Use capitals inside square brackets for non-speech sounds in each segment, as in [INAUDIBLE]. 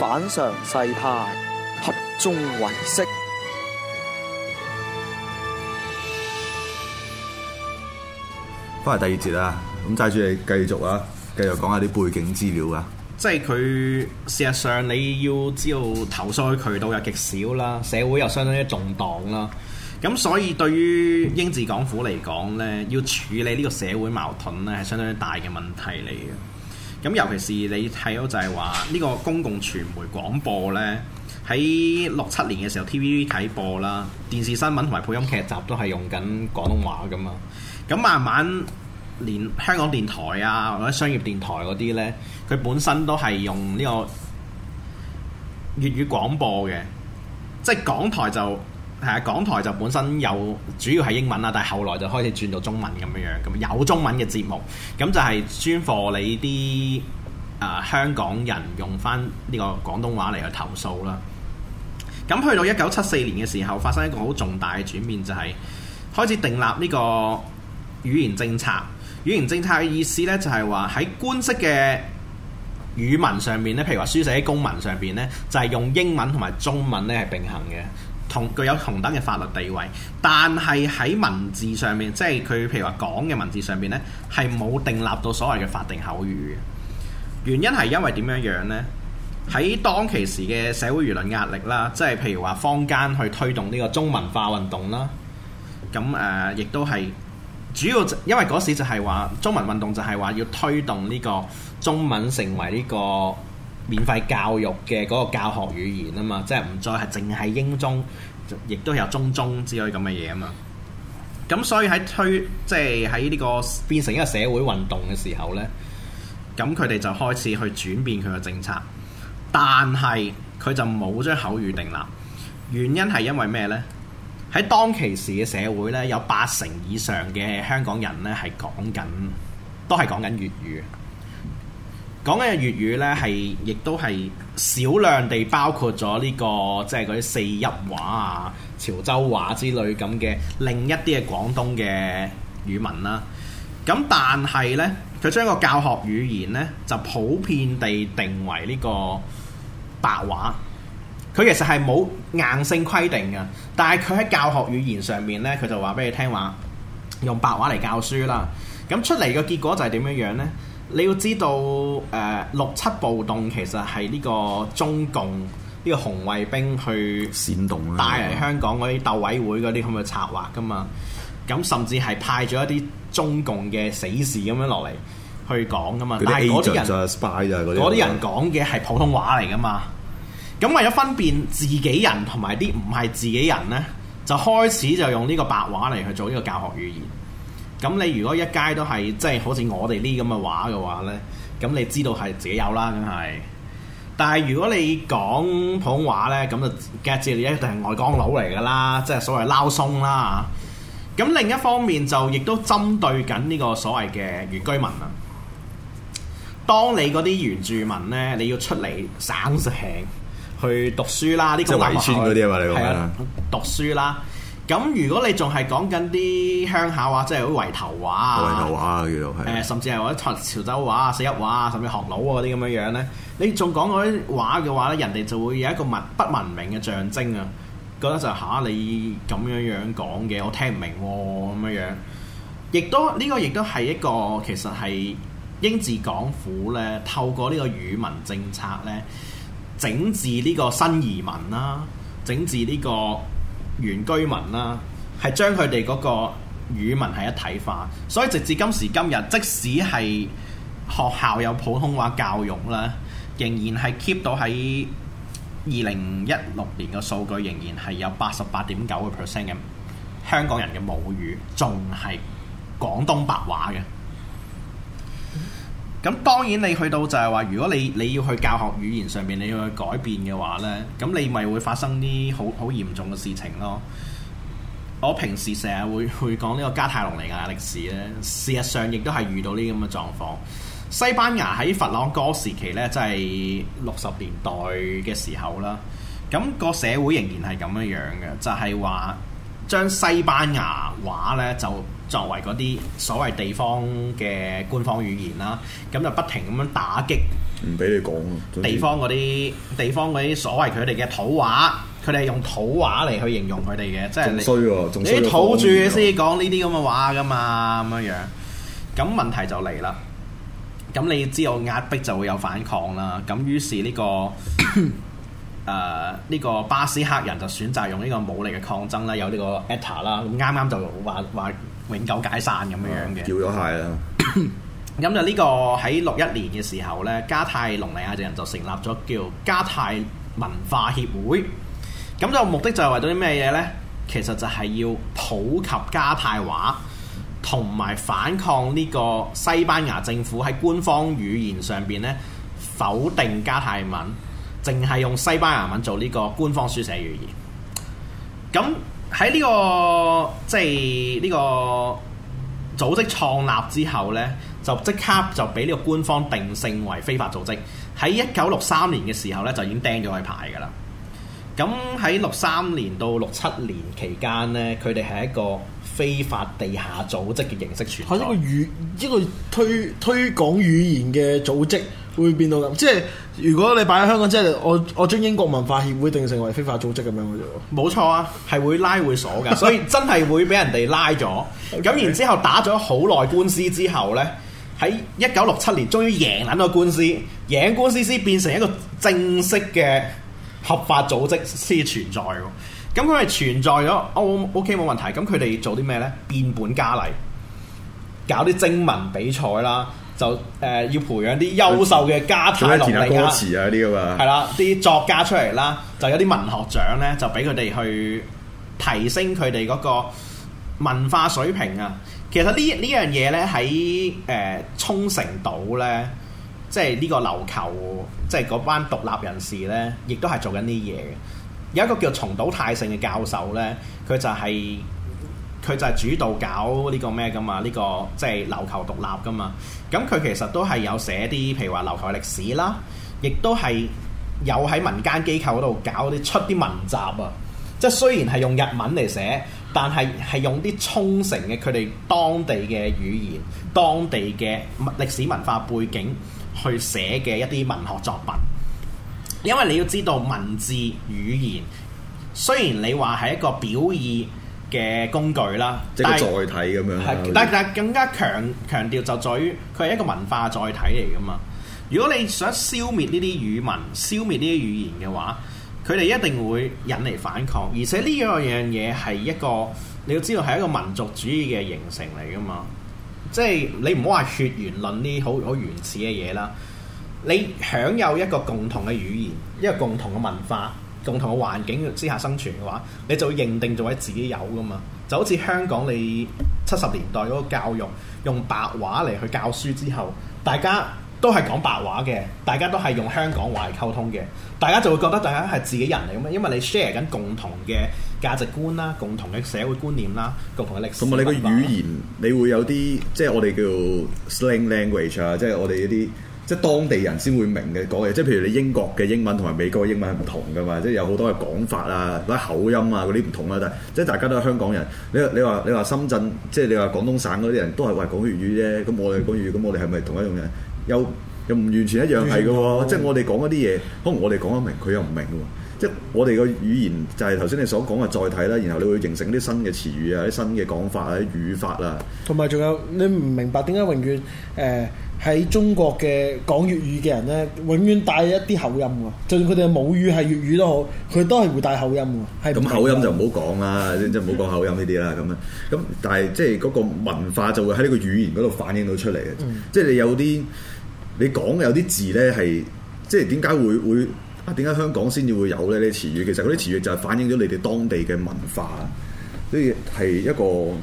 反常世態，合眾唯識。翻嚟第二節啊，咁接住你繼續啊，繼續講下啲背景資料啊。即係佢事實上你要知道投訴嘅渠道又極少啦，社會又相當之動盪啦。咁所以對於英治港府嚟講咧，要處理呢個社會矛盾咧，係相當之大嘅問題嚟嘅。咁尤其是你睇到就係話呢個公共傳媒廣播咧，喺六七年嘅時候 TVB 啟播啦，電視新聞同埋配音劇集都係用緊廣東話㗎嘛。咁慢慢連香港電台啊或者商業電台嗰啲咧，佢本身都係用呢個粵語廣播嘅，即係港台就。係啊，港台就本身有主要係英文啦，但係後來就開始轉到中文咁樣樣，咁有中文嘅節目，咁就係專俾你啲啊、呃、香港人用翻呢個廣東話嚟去投訴啦。咁去到一九七四年嘅時候，發生一個好重大嘅轉變，就係、是、開始訂立呢個語言政策。語言政策嘅意思呢，就係話喺官式嘅語文上面，咧，譬如話書寫喺公文上邊呢就係、是、用英文同埋中文呢係並行嘅。同具有同等嘅法律地位，但係喺文字上面，即係佢譬如話講嘅文字上面咧，係冇定立到所謂嘅法定口語嘅。原因係因為點樣樣咧？喺當其時嘅社會輿論壓力啦，即係譬如話坊間去推動呢個中文化運動啦。咁誒、呃、亦都係主要，因為嗰時就係話中文運動就係話要推動呢個中文成為呢個。免費教育嘅嗰個教學語言啊嘛，即係唔再係淨係英中，亦都有中中之類咁嘅嘢啊嘛。咁所以喺推即係喺呢個變成一個社會運動嘅時候呢，咁佢哋就開始去轉變佢嘅政策，但係佢就冇將口語定立。原因係因為咩呢？喺當其時嘅社會呢，有八成以上嘅香港人呢係講緊，都係講緊粵語。講緊嘅粵語呢，係亦都係少量地包括咗呢個即係嗰啲四邑話啊、潮州話之類咁嘅另一啲嘅廣東嘅語文啦。咁但係呢，佢將個教學語言呢，就普遍地定為呢個白話。佢其實係冇硬性規定嘅，但係佢喺教學語言上面呢，佢就話俾你聽話用白話嚟教書啦。咁出嚟嘅結果就係點樣樣呢？你要知道，誒、呃、六七暴動其實係呢個中共呢、呢個紅衛兵去煽動啦，帶嚟香港嗰啲鬥委會嗰啲咁嘅策劃噶嘛。咁甚至係派咗一啲中共嘅死士咁樣落嚟去講噶嘛。但係嗰啲人啲人，嗰啲人講嘅係普通話嚟噶嘛。咁為咗分辨自己人同埋啲唔係自己人呢，就開始就用呢個白話嚟去做呢個教學語言。咁你如果一街都係即係好似我哋呢啲咁嘅話嘅話呢，咁你知道係自己有啦，梗係。但係如果你講普通話呢，咁就隔住你一定係外江佬嚟噶啦，即係所謂撈松啦。咁另一方面就亦都針對緊呢個所謂嘅原居民啊。當你嗰啲原住民呢，你要出嚟省城去讀書啦，呢圍村啲啊嘛，你講讀書啦。咁如果你仲係講緊啲鄉下話，即係啲圍頭話，圍頭話叫做係，呃、甚至係或者潮州話、四邑話，甚至學佬嗰啲咁樣樣呢。你仲講嗰啲話嘅話呢，人哋就會有一個文不文明嘅象徵啊！覺得就嚇、是啊、你咁樣樣講嘅，我聽唔明喎、哦，咁樣樣，亦都呢、呢個亦都係一個其實係英治港府呢，透過呢個語文政策呢，整治呢個新移民啦，整治呢、呢個。原居民啦，係將佢哋嗰個語文係一體化，所以直至今時今日，即使係學校有普通話教育啦，仍然係 keep 到喺二零一六年嘅數據，仍然係有八十八點九個 percent 嘅香港人嘅母語仲係廣東白話嘅。咁當然你去到就係話，如果你你要去教學語言上面，你要去改變嘅話呢，咁你咪會發生啲好好嚴重嘅事情咯。我平時成日會會講呢個加泰隆尼亞歷史呢，事實上亦都係遇到呢啲咁嘅狀況。西班牙喺佛朗哥時期呢，就係六十年代嘅時候啦。咁個社會仍然係咁樣樣嘅，就係話將西班牙話呢就。作為嗰啲所謂地方嘅官方語言啦，咁就不停咁樣打擊，唔俾你講地方嗰啲地方嗰啲所謂佢哋嘅土話，佢哋係用土話嚟去形容佢哋嘅，即係你你土著先講呢啲咁嘅話噶嘛，咁樣樣。咁問題就嚟啦，咁你知有壓迫就會有反抗啦。咁於是呢、呢個誒呢、 [COUGHS] 呃呢個巴斯克人就選擇用呢個武力嘅抗爭啦，有呢個 ETA 啦，咁啱啱就話話，永久解散咁樣樣嘅、嗯，叫咗下啦。咁 [COUGHS] 就呢個喺六一年嘅時候咧，加泰隆尼亞人就成立咗叫加泰文化協會。咁就目的就係為咗啲咩嘢呢？其實就係要普及加泰話，同埋反抗呢個西班牙政府喺官方語言上邊呢，否定加泰文，淨係用西班牙文做呢個官方書寫語言。咁喺呢個即係呢個組織創立之後呢，就即刻就俾呢個官方定性為非法組織。喺一九六三年嘅時候呢，就已經釘咗佢牌噶啦。咁喺六三年到六七年期間呢，佢哋係一個非法地下組織嘅形式存在。係一個語一個推推廣語言嘅組織，會變到咁即係。如果你擺喺香港，即係我我將英國文化協會定性為非法組織咁樣嘅啫，冇錯啊，係會拉會鎖嘅， [LAUGHS] 所以真係會俾人哋拉咗。咁 Okay. 然之後打咗好耐官司之後呢，喺一九六七年終於贏撚個官司，贏官司先變成一個正式嘅合法組織先存在喎。咁佢係存在咗，哦 OK 冇問題。咁佢哋做啲咩呢？變本加厲，搞啲徵文比賽啦。就誒、呃、要培養啲優秀嘅加泰落嚟噶，詞啊嗰啲啊嘛，係、這、啦、個，啲作家出嚟啦，就有啲文學獎咧，就俾佢哋去提升佢哋嗰個文化水平啊。其實、這個、呢呢樣嘢咧，喺誒、呃、沖繩島咧，即係呢個琉球，即係嗰班獨立人士咧，亦都係做緊呢啲嘢嘅。有一個叫做松島泰盛嘅教授咧，佢就係、是。佢就係主導搞呢個咩㗎嘛？呢個即係琉球獨立㗎嘛？咁佢其實都係有寫啲，譬如話琉球歷史啦，亦都係有喺民間機構嗰度搞啲出啲文集啊。即係雖然係用日文嚟寫，但係係用啲沖繩嘅佢哋當地嘅語言、當地嘅歷史文化背景去寫嘅一啲文學作品。因為你要知道文字語言，雖然你話係一個表意嘅工具啦，即係載體咁樣，係，但，但更加強強，強調就在於，佢係一個文化載體嚟噶嘛。如果你想消滅呢啲語文、消滅呢啲語言嘅話，佢哋一定會引嚟反抗。而且呢樣樣嘢係一個，你要知道係一個民族主義嘅形成嚟噶嘛。即係你唔好話血緣論呢啲好好原始嘅嘢啦。你享有一個共同嘅語言，一個共同嘅文化。共同嘅環境之下生存嘅話，你就會認定做喺自己有㗎嘛。就好似香港你七十年代嗰個教育，用白話嚟去教書之後，大家都係講白話嘅，大家都係用香港話嚟溝通嘅，大家就會覺得大家係自己人嚟咁樣，因為你 share 緊共同嘅價值觀啦、共同嘅社會觀念啦、共同嘅歷史。同埋你個語言，你會有啲即係我哋叫 slang language 啊，即係我哋一啲。即係當地人先會明嘅講嘢，即係譬如你英國嘅英文同埋美國嘅英文係唔同㗎嘛，即係有好多嘅講法啊，或者口音啊嗰啲唔同啦，但係即係大家都係香港人，你你話你話深圳，即係你話廣東省嗰啲人都係話講粵語啫，咁我哋講粵語，咁我哋係咪同一種人？有。又唔完全一樣係嘅喎，即係我哋講一啲嘢，可能我哋講得明，佢又唔明嘅喎。即係我哋個語言就係頭先你所講嘅載體啦，然後你會形成啲新嘅詞語啊、啲新嘅講法啊、啲語法啊。同埋仲有你唔明白點解永遠誒喺、呃、中國嘅講粵語嘅人咧，永遠帶一啲口音嘅，就算佢哋母語係粵語都好，佢都係會帶口音嘅。咁口音就唔好講啦，即係唔好講口音呢啲啦。咁樣咁，但係即係嗰個文化就會喺呢個語言嗰度反映到出嚟嘅，嗯、即係你有啲。你講有啲字呢，係，即係點解會會啊？點解香港先至會有呢啲詞語？其實嗰啲詞語就係反映咗你哋當地嘅文化，呢個係一個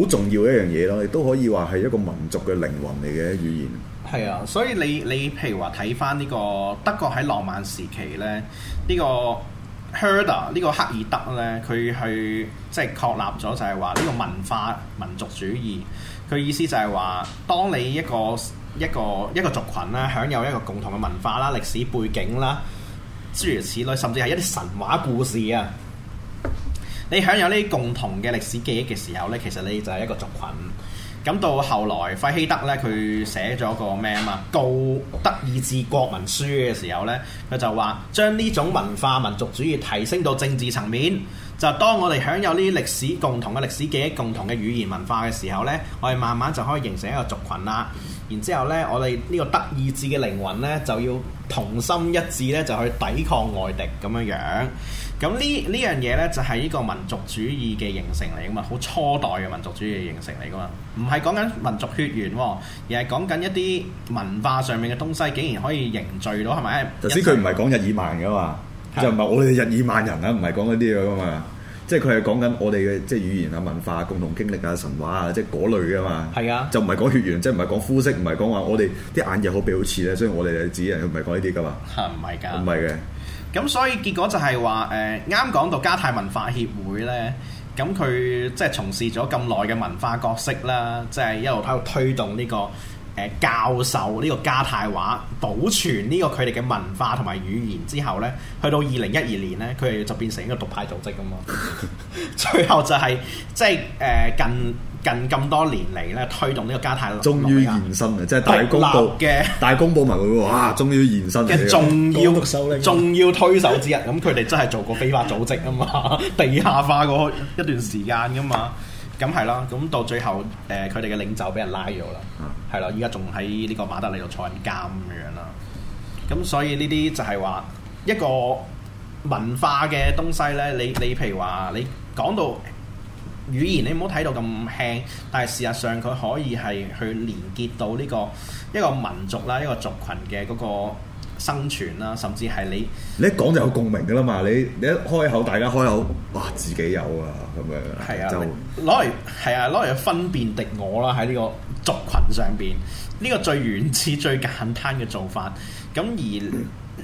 好重要一樣嘢咯。亦都可以話係一個民族嘅靈魂嚟嘅語言。係啊，所以你你譬如話睇翻呢個德國喺浪漫時期呢，呢、呢個赫爾德，呢個 Herder 呢個赫爾德呢，佢去即係確立咗就係話呢個文化民族主義。佢意思就係話，當你一個一個一個族群啦，享有一個共同嘅文化啦、歷史背景啦，諸如此類，甚至係一啲神話故事啊。你享有呢啲共同嘅歷史記憶嘅時候呢，其實你就係一個族群。咁到後來，費希德呢，佢寫咗個咩啊？嘛《告德意志國民書》嘅時候呢，佢就話將呢種文化民族主義提升到政治層面。就當我哋享有呢啲歷史共同嘅歷史記憶、共同嘅語言文化嘅時候呢，我哋慢慢就可以形成一個族群啦。然之後咧，我哋呢個德意志嘅靈魂咧，就要同心一致咧，就去抵抗外敵咁樣樣。咁呢呢樣嘢咧，就係、是、呢個民族主義嘅形成嚟噶嘛，好初代嘅民族主義嘅形成嚟噶嘛，唔係講緊民族血緣，而係講緊一啲文化上面嘅東西，竟然可以凝聚到係咪？頭先佢唔係講日耳曼噶嘛，是的 就唔係我哋日耳曼人啊，唔係講嗰啲嘢噶嘛。即係佢係講緊我哋嘅即係語言啊、文化啊、共同經歷啊、神話啊，即係嗰類噶嘛。係啊的，就唔係講血緣，即係唔係講膚色，唔係講話我哋啲眼又好，鼻好似咧，所以我哋自己人唔係講呢啲噶嘛。嚇，唔係㗎。唔係嘅。咁所以結果就係話誒，啱講到加泰文化協會咧，咁佢即係從事咗咁耐嘅文化角色啦，即係一路喺度推動呢個。誒教授呢個加泰話保存呢個佢哋嘅文化同埋語言之後咧，去到二零一二年咧，佢哋就變成一個獨派組織噶嘛。 [LAUGHS] 最後就係、是、即係誒、呃、近近咁多年嚟咧，推動呢個加泰個終於現身啊！即係大公報嘅立大公報埋佢喎，哇！終於現身嘅重要、啊、重要推手之一，咁佢哋真係做過非法組織啊嘛，地下化過一段時間噶嘛。咁係啦，咁 [MUSIC] 到最後，誒佢哋嘅領袖俾人拉咗啦，係啦、嗯，依家仲喺呢個馬德里度坐緊監咁樣啦。咁所以呢啲就係話一個文化嘅東西咧，你你譬如話你講到語言，你唔好睇到咁輕，但係事實上佢可以係去連結到呢個一個民族啦，一個族群嘅嗰個。生存啦，甚至係你你一講就有共鳴噶啦嘛！你你一開口，大家開口，哇！自己有啊咁樣樣，就攞嚟係啊，攞嚟去分辨敵我啦！喺呢個族群上邊，呢個最原始、最簡單嘅做法。咁而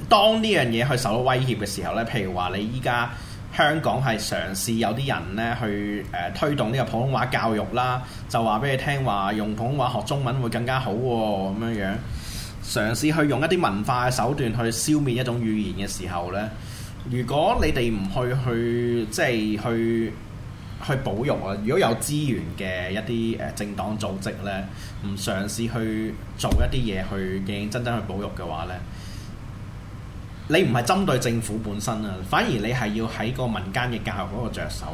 當呢樣嘢去受到威脅嘅時候咧，譬如話你依家香港係嘗試有啲人咧去誒推動呢個普通話教育啦，就話俾你聽話用普通話學中文會更加好喎，咁樣樣。嘗試去用一啲文化嘅手段去消滅一種語言嘅時候呢，如果你哋唔去去即係去去保育啊，如果有資源嘅一啲誒政黨組織呢，唔嘗試去做一啲嘢去認真真去保育嘅話呢，你唔係針對政府本身啊，反而你係要喺個民間嘅教育嗰個着手。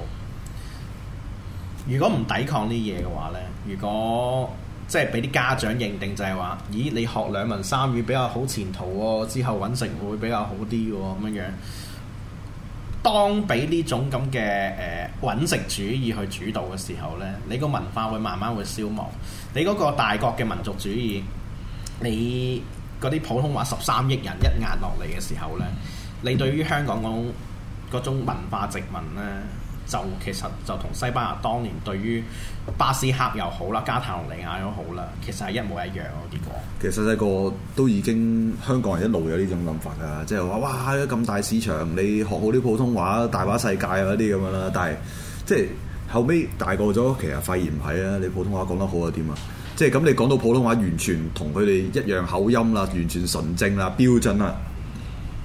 如果唔抵抗呢嘢嘅話呢，如果即係俾啲家長認定就係話，咦，你學兩文三語比較好前途喎、哦，之後揾食會比較好啲喎、哦，咁樣樣。當俾呢種咁嘅誒揾食主義去主導嘅時候呢，你個文化會慢慢會消亡。你嗰個大國嘅民族主義，你嗰啲普通話十三億人一壓落嚟嘅時候呢，你對於香港嗰種文化殖民呢。就其實就同西班牙當年對於巴斯克又好啦、加泰羅尼亞都好啦，其實係一模一樣嘅結果。其實細細個都已經香港人一路有呢種諗法㗎，即係話哇咁大市場，你學好啲普通話，大把世界嗰啲咁樣啦。但係即係後尾大個咗，其實發現唔係啊，你普通話講得好又點啊？即係咁你講到普通話完全同佢哋一樣口音啦，完全純正啦、標準啦，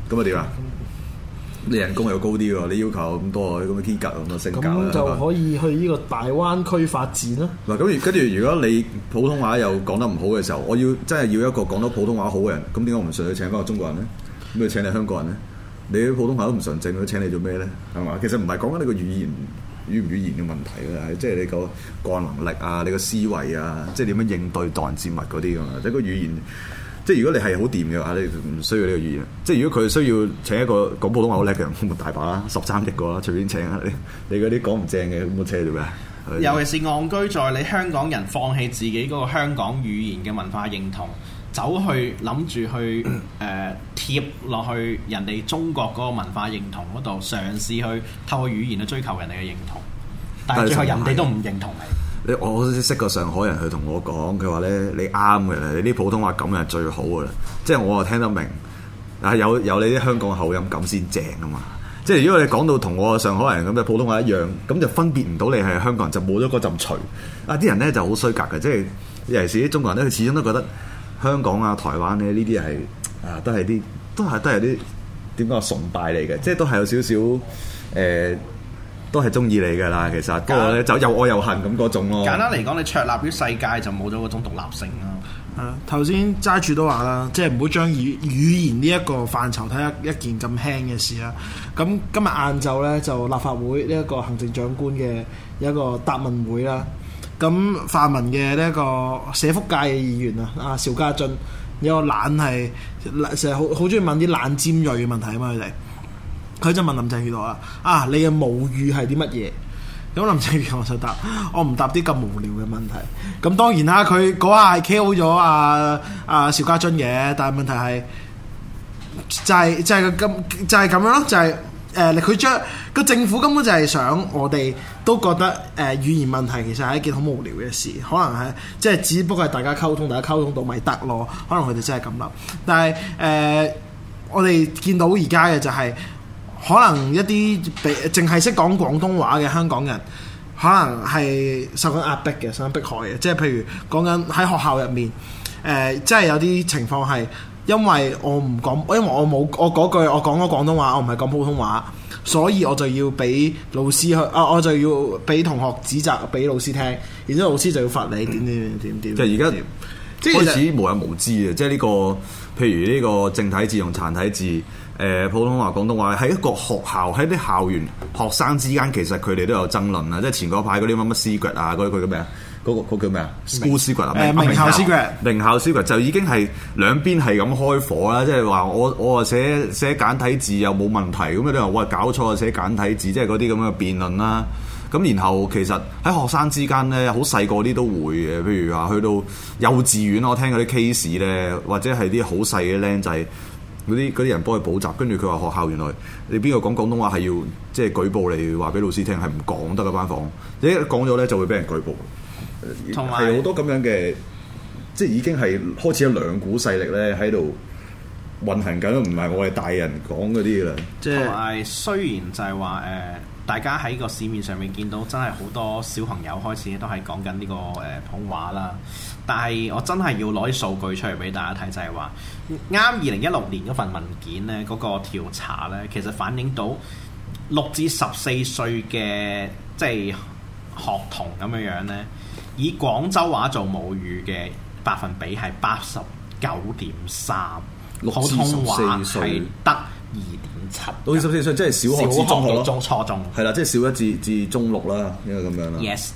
咁啊點啊？你人工又高啲喎，你要求咁多，咁嘅性格咁嘅咁就可以去呢個大灣區發展啦。嗱，咁跟住如果你普通話又講得唔好嘅時候，我要真係要一個講得普通話好嘅人，咁點解我唔順便請翻個中國人呢？咁咪請你香港人呢？你普通話都唔純正，都請你做咩呢？係嘛？其實唔係講緊你個語言語唔語言嘅問題啊，即係你個個人能力啊，你個思維啊，即係點樣應對待人接物嗰啲咁嘛。即、那、係個語言。即係如果你係好掂嘅話，你唔需要呢個語言。即係如果佢需要請一個講普通話好叻嘅人，咁大把啦，十三億個啦，隨便請啊！你你嗰啲講唔正嘅，咁我請你做咩？尤其是戇居在你香港人放棄自己嗰個香港語言嘅文化認同，走去諗住去誒、呃、貼落去人哋中國嗰個文化認同嗰度，嘗試去透過語言去追求人哋嘅認同，但係最後人哋都唔認同你。你我好似識個上海人，去同我講，佢話咧：你啱嘅啦，你啲普通話咁係最好㗎啦。即係我又聽得明，但係有有你啲香港口音咁先正啊嘛。即係如果你講到同我上海人咁嘅普通話一樣，咁就分別唔到你係香港人，就冇咗嗰陣馴。啊！啲人咧就好衰格嘅，即係尤其是啲中國人咧，佢始終都覺得香港啊、台灣咧呢啲係啊都係啲都係都係啲點講啊崇拜你嘅，即係都係有少少誒。呃都係中意你嘅啦，其實，不過咧就又愛又恨咁嗰種咯。簡單嚟講，你卓立於世界就冇咗嗰種獨立性啦。啊，頭先齋主都話啦，即係唔好將語語言呢一個範疇睇一一件咁輕嘅事啦。咁今日晏晝咧就立法會呢一個行政長官嘅一個答問會啦。咁泛民嘅呢一個社福界嘅議員啊，啊邵家俊，有個懶係成日好好中意問啲懶尖鋭嘅問題啊嘛，佢哋。佢就問林鄭月娥，啊，鄭月娥那那啦啊：，啊，你嘅母語係啲乜嘢？咁林鄭月娥就答：，我唔答啲咁無聊嘅問題。咁當然啦，佢嗰下係 KO 咗阿阿邵家臻嘅，但係問題係就係就係咁就係咁樣咯，就係、是、誒，佢、就、將、是就是就是就是呃、個政府根本就係想我哋都覺得誒、呃、語言問題其實係一件好無聊嘅事，可能係即係只不過係大家溝通，大家溝通到咪得咯？可能佢哋真係咁諗。但係誒、呃，我哋見到而家嘅就係、是。可能一啲俾淨係識講廣東話嘅香港人，可能係受緊壓迫嘅、受緊迫害嘅，即係譬如講緊喺學校入面，誒、呃，即係有啲情況係因為我唔講，因為我冇我嗰句我講咗廣東話，我唔係講普通話，所以我就要俾老師去啊、呃，我就要俾同學指責俾老師聽，然之後老師就要罰你點點點點即就而家即開始無日無之啊！即係呢、這個，譬如呢個正體字用殘體字。誒，普通話廣東話喺一個學校喺啲校園學生之間，其實佢哋都有爭論啊！即係前嗰排嗰啲乜乜 secret 啊，嗰啲佢叫咩啊？嗰個叫咩啊？名校 secret，名校 secret 就已經係兩邊係咁開火啦！即係話我我啊寫寫簡體字又冇問題，咁你話我係搞錯啊！寫簡體字，即係嗰啲咁嘅辯論啦。咁然後其實喺學生之間咧，好細個啲都會嘅，譬如話去到幼稚園，我聽嗰啲 case 咧，或者係啲好細嘅僆仔。嗰啲啲人幫佢補習，跟住佢話學校原來你邊個講廣東話係要即係、就是、舉報你話俾老師聽，係唔講得嘅班房，你一講咗咧就會俾人舉報，同埋好多咁樣嘅，即係已經係開始有兩股勢力咧喺度運行緊，唔係我哋大人講嗰啲啦。即係、就是、雖然就係話誒，大家喺個市面上面見到真係好多小朋友開始都係講緊呢個誒普通話啦。但係我真係要攞啲數據出嚟俾大家睇，就係話啱二零一六年嗰份文件咧，嗰、嗰個調查咧，其實反映到六至十四歲嘅即係學童咁樣樣咧，以廣州話做母語嘅百分比係八十九點三，普通話係得二點七。到二十四歲即係小學至中學，學中、初中。係啦，即係小一至至中六啦，應該咁樣啦。Yes.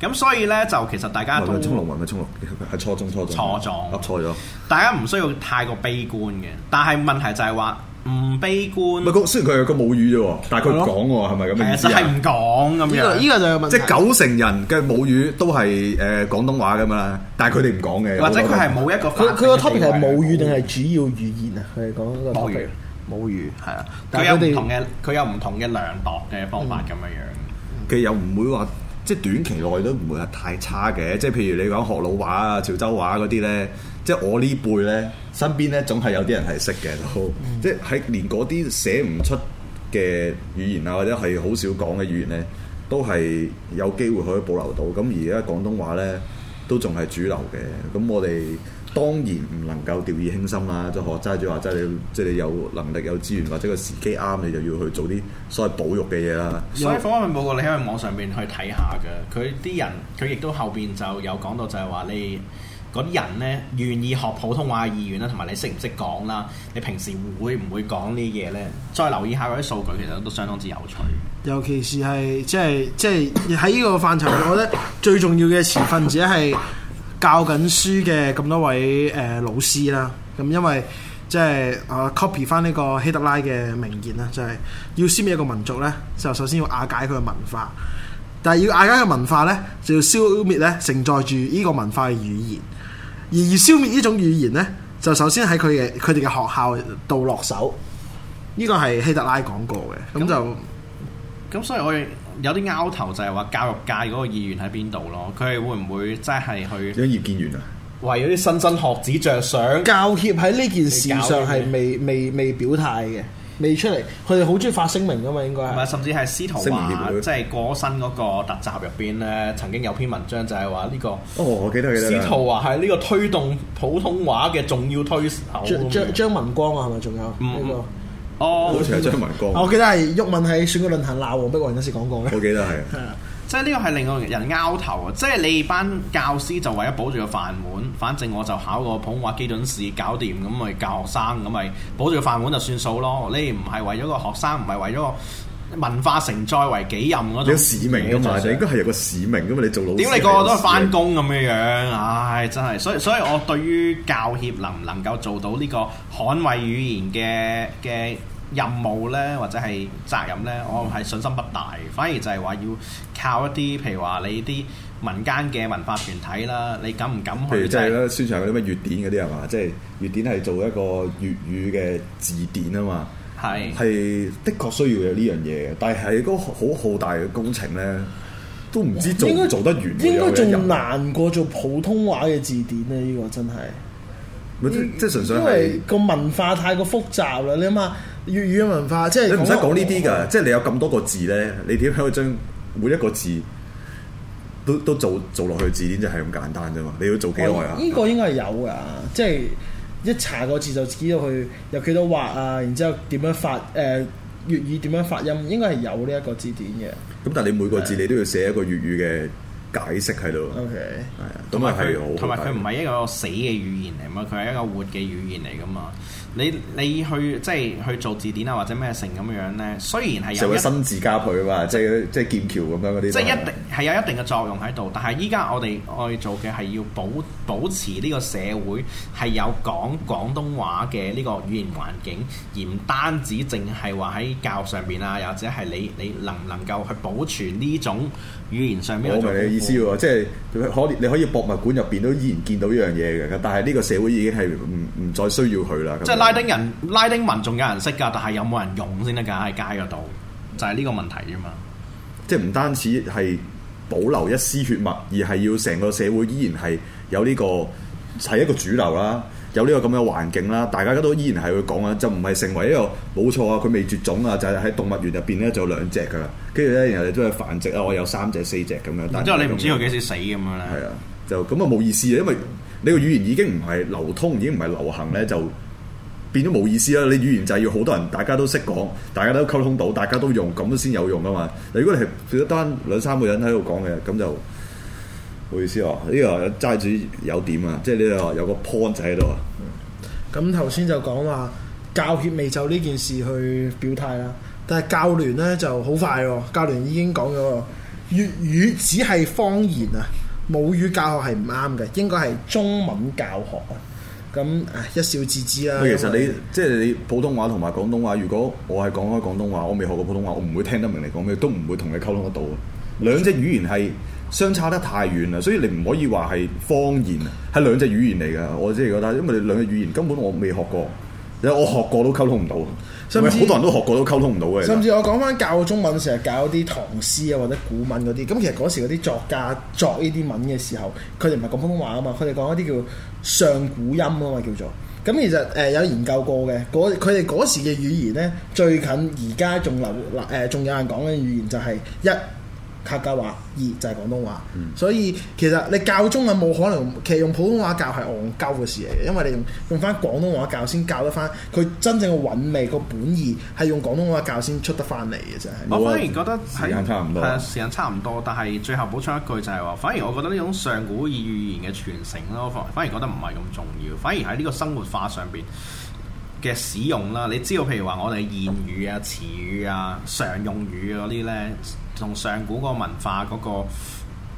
咁所以咧，就其實大家，唔係沖浪，唔嘅沖浪，係初中，初中，初中，錯咗。大家唔需要太過悲觀嘅，但係問題就係話唔悲觀。唔雖然佢個母語啫，但係佢唔講喎，係咪咁嘅意思？係唔講咁樣。呢個就有就問題。即係九成人嘅母語都係誒廣東話咁樣啦，但係佢哋唔講嘅。或者佢係冇一個。佢佢個 topic 係母語定係主要語言啊？係講個 topic 母語係啊，佢有唔同嘅佢有唔同嘅量度嘅方法咁樣樣。佢又唔會話。即係短期內都唔會係太差嘅，即係譬如你講學老話啊、潮州話嗰啲咧，即係我呢輩咧身邊咧總係有啲人係識嘅，都、嗯、即係喺連嗰啲寫唔出嘅語言啊，或者係好少講嘅語言咧，都係有機會可以保留到。咁而家廣東話咧都仲係主流嘅，咁我哋。當然唔能夠掉以輕心啦，都學齋，只話即係你，即係你有能力、有資源或者個時機啱，你就要去做啲所謂保育嘅嘢啦。所以有啲訪問報告你喺網上面去睇下嘅，佢啲人佢亦都後邊就有講到就，就係話你嗰啲人呢，願意學普通話嘅意願啦，同埋你識唔識講啦，你平時會唔會講呢啲嘢呢？再留意下嗰啲數據，其實都相當之有趣。尤其是係即係即係喺呢個範疇，我覺得最重要嘅持份者係。教緊書嘅咁多位誒、呃、老師啦，咁因為即係我 copy 翻呢個希特拉嘅名言啦，就係、是、要消滅一個民族呢，就首先要瓦解佢嘅文化，但係要瓦解佢嘅文化呢，就要消滅呢，承載住呢個文化嘅語言，而要消滅呢種語言呢，就首先喺佢嘅佢哋嘅學校度落手，呢、這個係希特拉講過嘅，咁、嗯、那就咁所以我哋。有啲拗頭就係話教育界嗰個意願喺邊度咯，佢係會唔會真係去？有啲葉建源啊，為咗啲新生學子着想，教協喺呢件事上係未未未，未表態嘅，未出嚟。佢哋好中意發聲明噶嘛，應該係。甚至係司徒華，即係過身嗰個特集入邊咧，曾經有篇文章就係話呢個。哦，我記得，記得。司徒華係呢個推動普通話嘅重要推手。張張文光啊，係咪仲有、嗯嗯嗯哦，好似係張文光，哦。我記得係郁敏喺選舉論壇鬧喎，不過嗰陣時講過嘅。我記得係的的，即係呢個係另外人拗頭啊！即係你班教師就為咗保住個飯碗，反正我就考個普通話基準試搞掂咁咪教學生咁咪保住個飯碗就算數咯。你唔係為咗個學生，唔係為咗。文化承載為己任嗰種使命噶嘛，你應該係有個使命噶嘛，你做老師。點你個個都係翻工咁嘅樣？唉，真係，所以所以我對於教協能唔能夠做到呢個捍衞語言嘅嘅任務咧，或者係責任咧，我係信心不大。嗯、反而就係話要靠一啲，譬如話你啲民間嘅文化團體啦，你敢唔敢去？譬如即係咧，宣傳嗰啲咩粵典嗰啲係嘛？即係粵典係做一個粵語嘅字典啊嘛。係的確需要有呢樣嘢，但係嗰個好浩大嘅工程咧，都唔知做應該該做得完，應該仲難過做普通話嘅字典咧，呢、這個真係。唔係、嗯、即係純粹因為個文化太過複雜啦。你諗下粵語嘅文化，即係你唔使講呢啲噶。即係你，我你有咁多個字咧，你點可以將每一個字都都做做落去字典就係咁簡單啫嘛？你要做幾耐啊？呢、這個應該係有噶，即係。一查個字就知道佢有幾多畫啊，然之後點樣發誒、呃、粵語點樣發音，應該係有呢一個字典嘅。咁但係你每個字你都要寫一個粵語嘅解釋喺度。O K，係啊。咁啊係好。同埋佢唔係一個死嘅語言嚟嘛，佢係一個活嘅語言嚟㗎嘛。你你去即係去做字典啊，或者咩成咁樣咧？雖然係有成為新字加倍啊，嘛即係即係劍橋咁樣嗰啲。即係一定係有一定嘅作用喺度，但係依家我哋我哋做嘅係要保保持呢個社會係有講廣東話嘅呢個語言環境，而唔單止淨係話喺教上邊啊，又或者係你你能你能夠去保存呢種語言上邊。我明你意思喎，即係可你可以博物館入邊都依然見到依樣嘢嘅，但係呢個社會已經係唔唔再需要佢啦。即拉丁人、拉丁文仲有人識㗎，但係有冇人用先得㗎？喺街嗰度就係、是、呢個問題啫嘛。即係唔單止係保留一絲血脈，而係要成個社會依然係有呢、這個係一個主流啦，有呢個咁嘅環境啦，大家都依然係會講啊，就唔係成為一個冇錯啊，佢未絕種啊，就係、是、喺動物園入邊咧就兩隻㗎喇，跟住咧然後都係繁殖啊，我有三隻四隻咁樣。但係你唔知佢幾時死咁樣咧？係啊，就咁啊冇意思啊，因為你個語言已經唔係流通，已經唔係流行咧就。變咗冇意思啦！你語言就要好多人，大家都識講，大家都溝通到，大家都用，咁先有用啊嘛！如果你係得翻兩三個人喺度講嘅，咁就冇意思喎。呢個齋主有點啊，即係呢度有個 point 仔喺度啊。咁頭先就講話教協未就呢件事去表態啦，但係教聯呢就好快喎，教聯已經講咗粵語只係方言啊，母語教學係唔啱嘅，應該係中文教學啊。咁、嗯、一笑置之啊。其實你即係你普通話同埋廣東話，如果我係講開廣東話，我未學過普通話，我唔會聽得明你講咩，都唔會同你溝通得到。兩隻語言係相差得太遠啦，所以你唔可以話係方言，係兩隻語言嚟㗎。我只係覺得，因為你兩隻語言根本我未學過，因為我學過都溝通唔到。唔係好多人都學過都溝通唔到嘅。甚至我講翻教中文，成日教啲唐詩啊或者古文嗰啲，咁其實嗰時嗰啲作家作呢啲文嘅時候，佢哋唔係講普通話啊嘛，佢哋講一啲叫上古音啊嘛叫做。咁其實誒、呃、有研究過嘅，佢哋嗰時嘅語言呢，最近而家仲流誒仲有人講嘅語言就係、是、一。客家話二就係、是、廣東話，嗯、所以其實你教中文冇可能，其實用普通話教係戇鳩嘅事嚟，嘅，因為你用用翻廣東話教先教得翻佢真正嘅韻味、個本意，係用廣東話教先出得翻嚟嘅啫。我反而覺得係時間差唔多，係啊，時間差唔多，但係最後補充一句就係話，反而我覺得呢種上古語語言嘅傳承咯，反反而覺得唔係咁重要，反而喺呢個生活化上邊。嘅使用啦，你知道譬如話我哋嘅言語啊、詞語啊、常用語嗰啲咧，同上古個文化嗰個，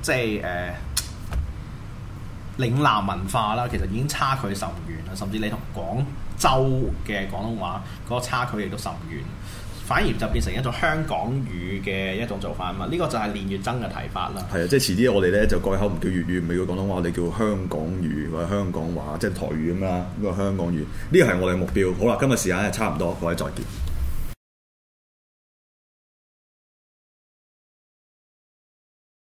即係誒嶺南文化啦，其實已經差距甚遠啦，甚至你同廣州嘅廣東話嗰個差距亦都甚遠。反而就變成一種香港語嘅一種做法啊嘛，呢、這個就係練乙錚嘅提法啦。係啊，即係遲啲我哋咧就改口唔叫粵語，唔叫廣東話，我哋叫香港語或者香港話，即係台語咁啦，呢個香港語。呢個係我哋目標。好啦，今日時間係差唔多，各位再見。